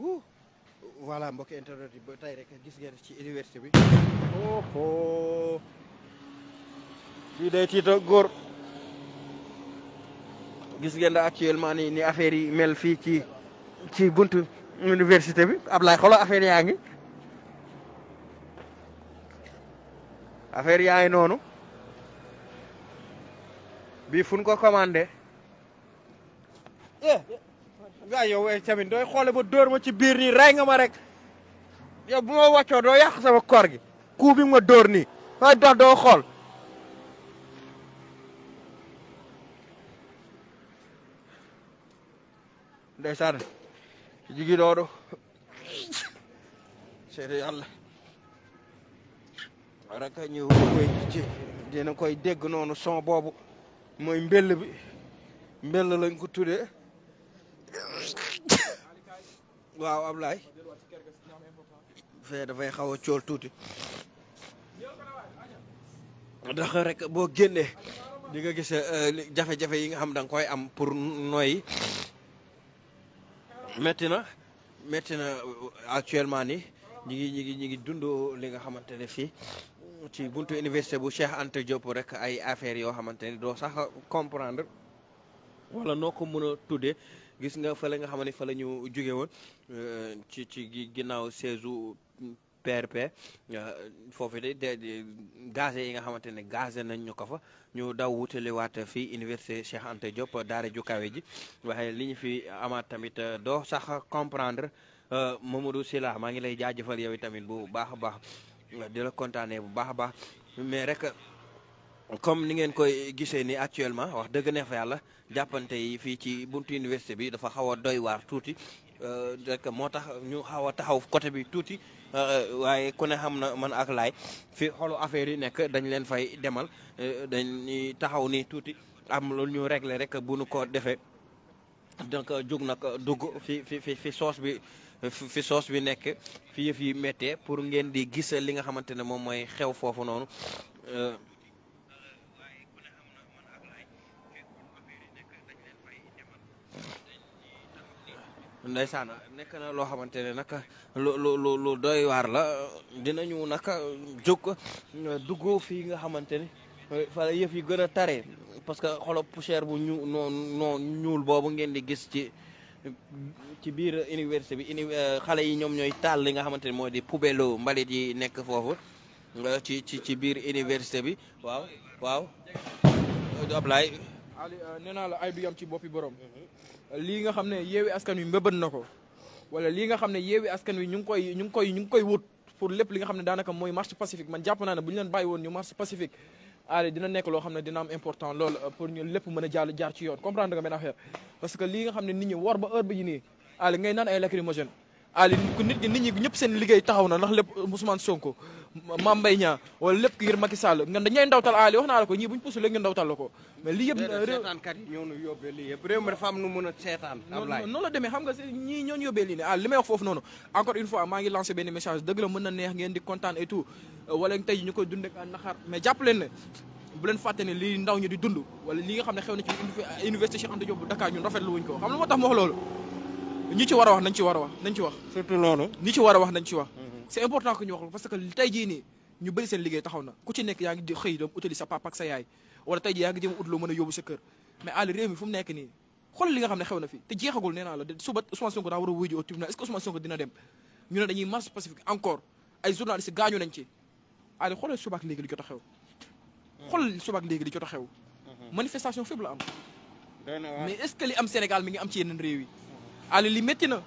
voilà mbokki internet yi ba tey rek gis ngeen ci université bi oho fii day tiita góor gis ngeen da actuellement ni ni affaire yi mel fii ci ci buntu université bi Ablaye xoolal affaire yaa ngi affaire noonu bii fu ñu gaa yow eh, ay dooy xoole ba dóor ma ci biir nii rey nga ma rek yow bu ma wàccoo doo yàq sama koor gi kuu bi ma dóor nii may dox doo xool ndeysaan jigi doodu seede yàlla raka ñëw koy ci dina koy dégg noonu son boobu mooy mbell bi mbell lañ ko tuddee waaw lay fee dafay xaw a cool tuuti ndax rek boo génnee di nga gis eh, jafe-jafe yi nga xam da nga koy am pour nooy métti na métti na eh, actuellement ni ñi ngi ñi ngi ñi ngi dundoo li nga xamante ne fii ci buntu université bu Cheikh Anta Diop rek ay affaires yoo xamante ne doo sax comprendre wala noo ko mën a gis nga fële nga xam ne fa la ñu jóge woon euh, ci ci ginnaaw saison PRP euh, foofu de gazé yi nga xamante ne gazé nañ ñu ko fa ñu daw wutaliwaat fii université Cheikh Anta Diop daara ju kawe ji waaye li ñu fi amaat tamit euh, doo sax comprendre Mamadou Sylla maa ngi lay jaajëfal yow tamit bu baax baax di la kontaanee bu baax baax mais rek. comme ni ngeen koy gisee ni actuellement wax dëgg neex fa yàlla jàppante yi fii ci buntu université bi dafa xaw a doy waar tuuti euh, rek moo tax ñu xaw a taxaw côté bi tuuti euh, waaye ku ne xam na man ak laay fi xolu affaire yi nekk dañ leen fay demal euh, dañuy taxaw nii tuuti am lu ñu régler rek bu nu ko defee donc jug nag dugg fi fi fi fi soos bi fi soos bi nekk fi yëf yi méttee pour ngeen di gis li nga xamante ne moom mooy xew foofu noonu ndeysaan nekk na loo xamante ne nag lu lu lu doy waar la dinañu nag jóg dugg fii nga xamante ne fa yëf yi gën a tare parce que xolo poussière bu ñu noo ñuul boobu ngeen di gis ci ci biir université bi uni euh, xale yi ñoom ñooy taal li nga xamante ne moo di poubelle mbalit yi nekk foofu ci ci ci biir université bi waaw waaw Ablaye euh, nee naa la ay du yam ci boppi borom mhm. lii nga xam ne yeewi askan wi mbëbën na ko wala lii nga xam ne yeewi askan wi ñu ngi koy ñu ngi koy ñu ngi koy wut pour lép li nga xam ne daanaka mooy marche pacifique man jàpp naa ne bu ñu leen bàyyi woon ñu marche pacifique allez dina nekk loo xam ne dina am important lool euh, pour ñu lépp mën a jàll jaar ci yoon comprendre nga benn affaire parce que lii nga xam ne nit ñi war ba heure ba ji nii ngay naan ay lacrymogène Ali nit ñi nit ñi ñëpp seen liggéey taxaw na ndax lépp Ousmane Sonko Mame Mbaye Niang wala lépp ngir nga dañuy ndawtal Ali wax naa la ñii buñ ñu yóbbee lii am nu mën a seetaan Ablaye noonu nga ñii ñoo ñu noonu encore une message dëgg la mën na neex ngeen di kontaan et tout wala tey ñu koy dund ak naxar mais jàpp leen ne bu leen fàtte ne lii ndaw ñi di dund wala li nga xam ne xew na ci université Cheikh Anta Diop bu Dakar ñun rafetlu wuñ ko xam lu moo tax mu loolu ñi ci war a wax nañ ci war a wax nañ surtout loolu. ñi ci a wax nañ ci wax. Mhm. c'est important que ñu wax parce que tey jii nii ñu bëri seen liggéey taxaw na ku ci nekk yaa ngi di xëy doom utali sa papa ak sa yaay wala tey jii yaa ngi jëm ut loo mën a yóbbu sa kër mais àll réew mi fu mu nekk nii xool ne xew na fi te jeexagul nee naa la suba Ousmane Sonko daa war a wuyu ji au tribunal est-ce que Ousmane Sonko dina dem gaañu nañ ci àll xew xool subaak léegi li jot a xew mhm. manifestation fépp la am mais est mi ngi am ci yeneen réew yi Aliou li métti na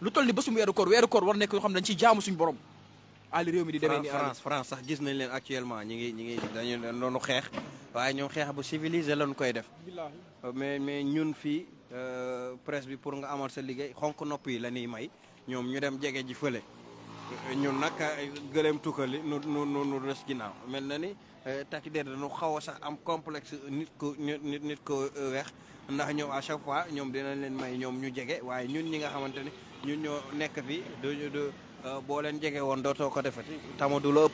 lu toll ni bésum weeru koor weeru koor war nekk yoo xam ne dañ ciy jaamu suñu borom Aliou réew di demee ni France France sax gis nañ leen actuellement ñi ngi ñi ngi dañu doonu xeex waaye ñoom xeex bu civilisé lañ koy def mais mais ñun fii euh, presse bi pour nga amal sa liggéey xonq nopp yi la ñuy may ñoom ñu dem jege ji fële euh, ñun nag gëleem tukkali nu nu nu des ginnaaw mel na ni Euh, takk der dañu xaw a sax am complexe nit ko nit nit ko euh, weex ndax ñoom à chaque fois ñoom dinañ leen may ñoom ñu jege waaye ñun ñi nga xamante ne ñun ñoo nekk fii duñu du euh, boo leen jege woon dootoo ko defati tamadu la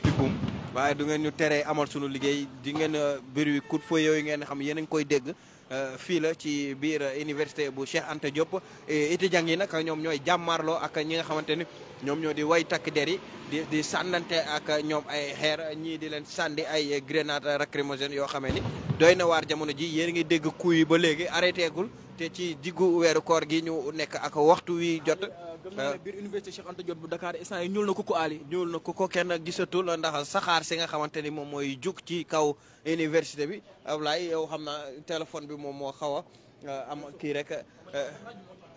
waaye du ngeen ñu teree amal sunu liggéey di ngeen bruit coup de feu yooyu ngeen xam yéen a ngi koy dégg Euh, fii la ci biir université bu Cheikh Anta Diop étudiants yi nag ñoom ñooy jàmmaarloo ak ñi nga xamante ni ñoom ñoo di way takk der yi di di sànnante ak ñoom ay xeer ñii di leen sànni ay grenade lacrymogène yoo xamee ni doy na waar jamono ji yéen a ngi dégg kuy ba léegi arrêté gul te ci diggu weeru koor gi ñu nekk ak waxtu wi jot comme euh, biir université Cheikh Anta Diop bu Dakar instant yi ñuul na ko ko ñuul na ko ko kenn gisatul ndax saxaar si nga xamante ni moom mooy jug ci kaw université bi Ablaye yow xam na téléphone bi moom moo xaw a euh, am kii rek euh,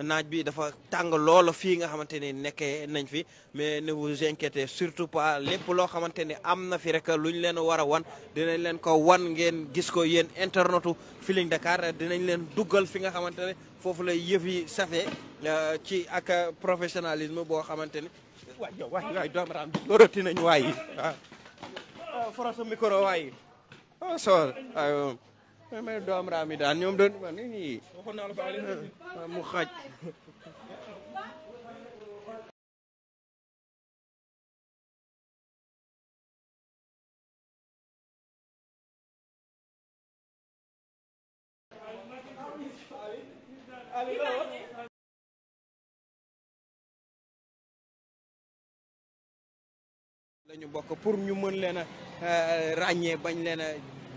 naaj bi dafa tàng lool fii nga xamante ni nekkee nañ fi mais ne vous surtout pas lépp loo xamante ni am na fi rek lu ñu leen war a wan dinañ leen ko wan ngeen gis ko yéen internetu Feeling Dakar dinañ leen duggal fi nga xamante ne foofu lay Euh, ci ak professionnalisme boo xamante ne waay yow waay raam lorati nañu waay yi waaw ah, forasa micro waay ah, yi o soor waay daan ñoom doon wa ni ñi ah, mu xaj lañu bokk pour ñu mën leen a euh, ràññee bañ leen a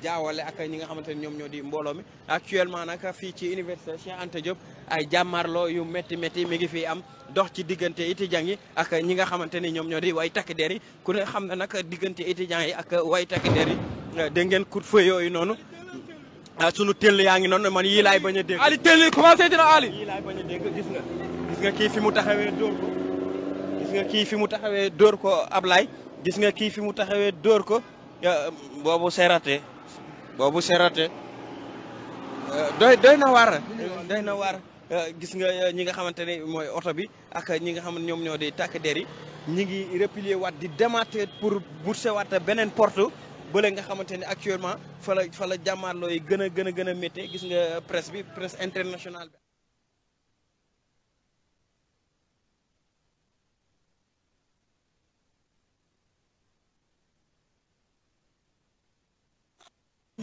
jaawale ak ñi nga xamante ne ñoom ñoo di mbooloo mi actuellement nag fii ci université Cheikh Anta Diop ay jàmmarloo yu métti métti mi ngi fii am dox ci diggante étudiants yi ak ñi nga xamante ne ñoom ñoo di way takk der yi ku ne xam na nag diggante étudiants yi ak way takk der yi euh, ngeen coup de feu yooyu noonu ah, sunu teel yaa ngi noonu man yilaay laay bañ a dégg. Ali teel commencé dina Ali. a dégg gis nga gis nga kii fi mu taxawee fi mu taxawee dóor ko Ablaye. gis nga kii fi mu taxawee dóor ko boobu serate boobu serate euh, doy doy na waar doy na waar euh, gis nga euh, ñi nga xamante ne mooy oto bi ak ñi nga xam ñoom ñoo di tàkk der yi ñi ngi replier waat di demaate pour bourse waat beneen porte bële nga xamante ne actuellement fa la fa la jàmmaarloo yi gën a gën a gën a métti gis nga presse bi presse international bi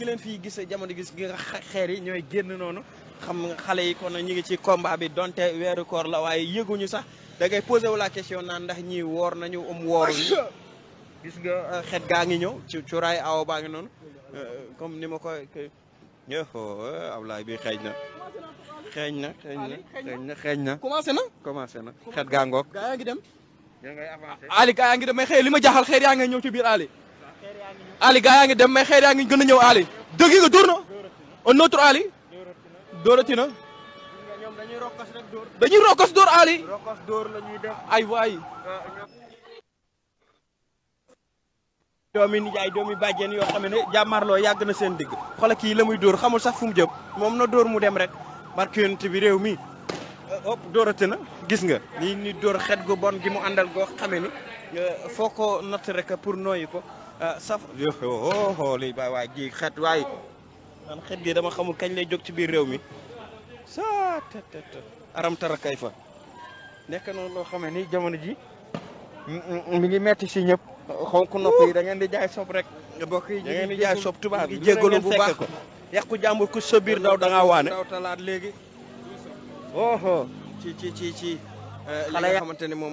ngi leen fii gis jamono gis gi xeer yi ñooy génn noonu xam nga xale yi kon ñu ngi ci combat bi donte weeru koor la waaye yëguñu sax da ngay posé wu la question naan ndax ñi woor nañu um wooruñu gis nga euh, xet gaa ngi ñëw ci cuuraay awo baa ngi noonu euh, comme ni ma ko ñëwoo bi xeeñ na xeeñ na xeeñ na xeeñ na commencé na commencé na xet gaa ngoog gaa yaa ngi dem yaa gaa yaa ngi dem mais xëy li ma jaaxal xeer yaa ngay ñëw ci biir Ali gaa yaa ngi dem mais xeer yaa ngi gën a ñëw Ali dëgg nga dóor na un autre Ali dóorati na dañuy rokkos dóor Ali ay waay doomi nijaay doomi bàjjeen yoo xam ne jàmmarloo yàgg na seen digg xoolal kii la muy dóor xamul sax fu mu moom na dóor mu dem rek barke yonent bi réew mi hop dóorati na gis nga ni dóor xet gu bon gi mu àndal goo xame ni euh, foo ko natt rek pour nooyi ko saf yoo lii baay waay ji xet waay man xet gi dama xamul kañ lay jog ci biir réew mi ta tt aram tara kay fa nekk noonu loo xamee ni jamono ji mi ngi meti si ñëpp xonk nopp yi da ngeen di jaay sob rek mbokk yi da ngeen di jaay sob tubaab yi jéggalu bu baax ko yàqu ku sa biir daw da ngaa waane daw léegi ci ci ci ci li nga moom